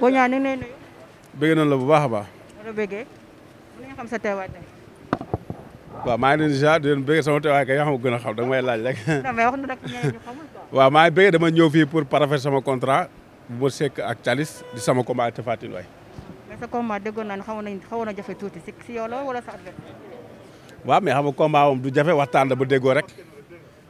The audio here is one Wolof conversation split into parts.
boo ñëwaat ñu ngi lay nuyu. bëgg nañ la bu baax a baax. wala bëggee maa ngi leen di ziar di leen sama teewaay kay yoo xam gën a xam da may laaj rek. wax na rek ñeneen maa ngi bëgg dama ñëw fii pour paraphé sama contrat bu ma sekk ak Thialis di sama combat Tapha Tine waay. mais sa combat déggoon naa ne xawoon nañu xawoon na jafe tuuti si xam nga combat moom du jafe waxtaan la ba déggoo rek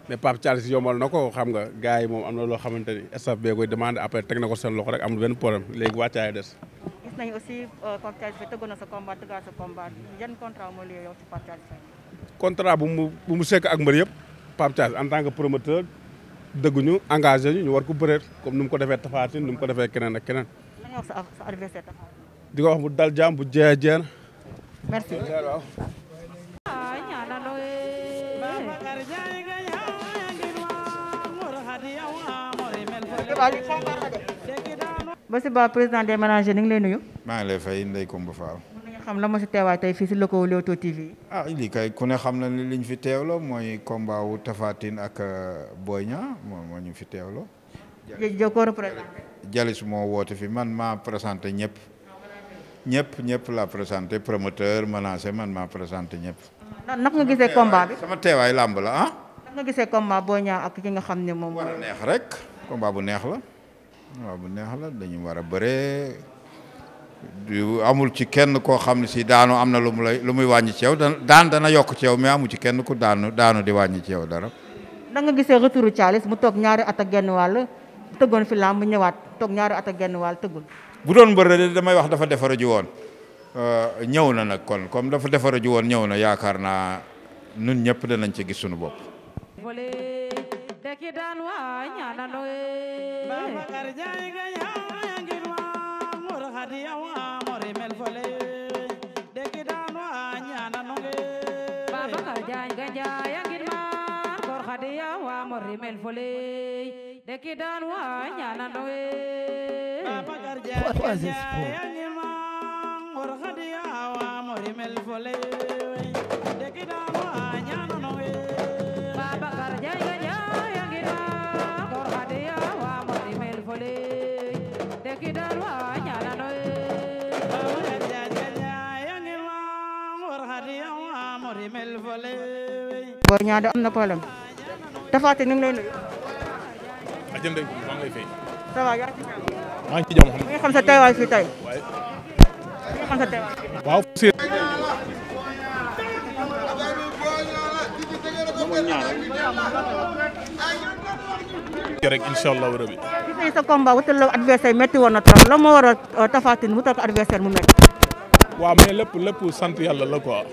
mais Pape Thialis yombal na ko xam nga gars yi moom am na loo xamante ni staff bee koy demandé après teg na ko seen loxo rek amul benn problème léegi wàccaay des. gis euh, na contrat bu mu mu sekk ak mbër yëpp Pape Thialis en tant que promoteur dëgguñu engagé ñu ñu war ko bëreet comme ni mu ko defee Tapha Tine ni mu ko defee keneen ak keneen. lan nga wax sa adversaire mu dal jàmm bu jeex jeex Bassirou Ba président des ménagers ni lay nuyu. maa ngi lay fay Ndeye Coumba Fall. la moo si teewaay tey fii si lëkkaloo Leewtoo TV. ah lii kay ku ne xam na ne li ñu fi teewloo mooy combat wu Tapha ak euh, Boy Niang moom moo ñu fi teewloo. jërëjëf ko représenté. Jalis moo woote fi man ma présenté ñëpp. ñëpp ñëpp la présenté promoteur menacé man maa présenté ñëpp. Ah, nan nga gisee combat bi sama teewaay làmb la ah. nan nga gisee combat Boy ak ki nga xam ne moom. war a neex rek. combat bu neex la combat bu neex la dañu war a bëree amul ci kenn koo xam ne si daanu am na lu mu lay lu muy wàññi ceew yow daan dana yokk ci yow mais amul ci kenn ku daanu daanu di wàññi ci dara. da nga gisee retouru Thialis mu toog ñaari at ak genn wàll tëggoon fi làmb ñëwaat toog ñaari at ak genn wàll tëggul. bu doon mbër damay wax dafa defara ji woon euh, ñëw na nag kon comme dafa defara ji woon ñëw na yaakaar naa nun ñëpp danañ ci gis suñu bopp. Teki dan wanya nanoi. Baba kerja gaya yang gilwa murhadi awa muri melfole. Teki dan wanya nanoi. Baba kerja gaya yang gilwa murhadi awa muri melfole. Teki dan wanya nanoi. Baba kerja gaya yang gilwa murhadi awa muri melfole. Teki dan wanya nanoi. boo ñaa da am na problème tafaate ñu ngi lay nuyu ajëm ah, day maa ngi lay fay ça va yaa ci jàmm maa ngi ci jàmm nga xam sa teewaay fii tey nga xam sa teewaay waaw rek incha allah rabbi gis nañ sa combat wutal la adversaire métti woon na trop la moo war a euh, Tapha Tine wutal ko adversaire mu métti waaw mais lépp lépp sant yàlla la quoi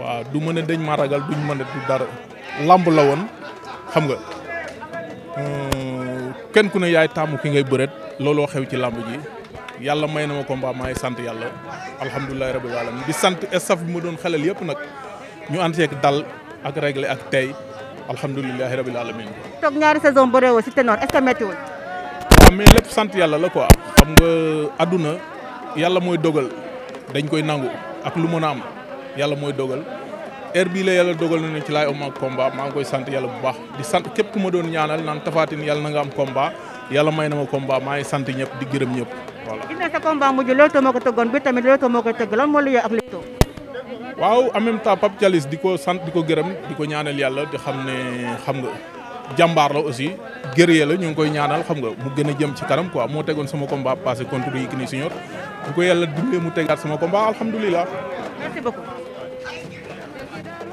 waaw du mën a dañ ma ragal duñ mën a du dara làmb la woon xam nga hmm, kenn ku ne yaay taamu ki ngay bëreet looloo xew ci làmb ji yàlla may na ma combat maa ngi sant yàlla alhamdulilahi rabbil alamin di sant staff bi ma doon xelal yëpp nag ñu ànd seeg dal ak réglé ak tey alhamdulilahi rabbil alamin toog ñaari saison bëreewoo si ténor est-ce que méttiwul waaw mais sant yàlla la quoi xam nga àdduna yàlla mooy dogal dañ koy nangu ak lu mën a am yàlla mooy dogal heure bii la yàlla dogal nañu ci laay am ak combat maa ngi koy sant yàlla bu baax di sant képp ku doon ñaanal naan tafaatin yàlla na nga am combat yàlla may na ma combat maa ngi sant ñëpp di gërëm ñëpp voilà. gis naa sa combat mujj Leewtoo moo ko tëggoon bi tamit Leewtoo moo koy waaw en même temps Pape Thialis di ko sant di ko gërëm di ko ñaanal yàlla di xam ne xam nga jàmbaar la aussi guerrier la ñu ngi koy ñaanal xam nga mu gën a jëm ci kanam quoi moo tegoon sama combat passé contre Yékini Senior bu ko yàlla dimbalee mu tegaat sama combat alhamdulilah. merci beaucoup. Thank you.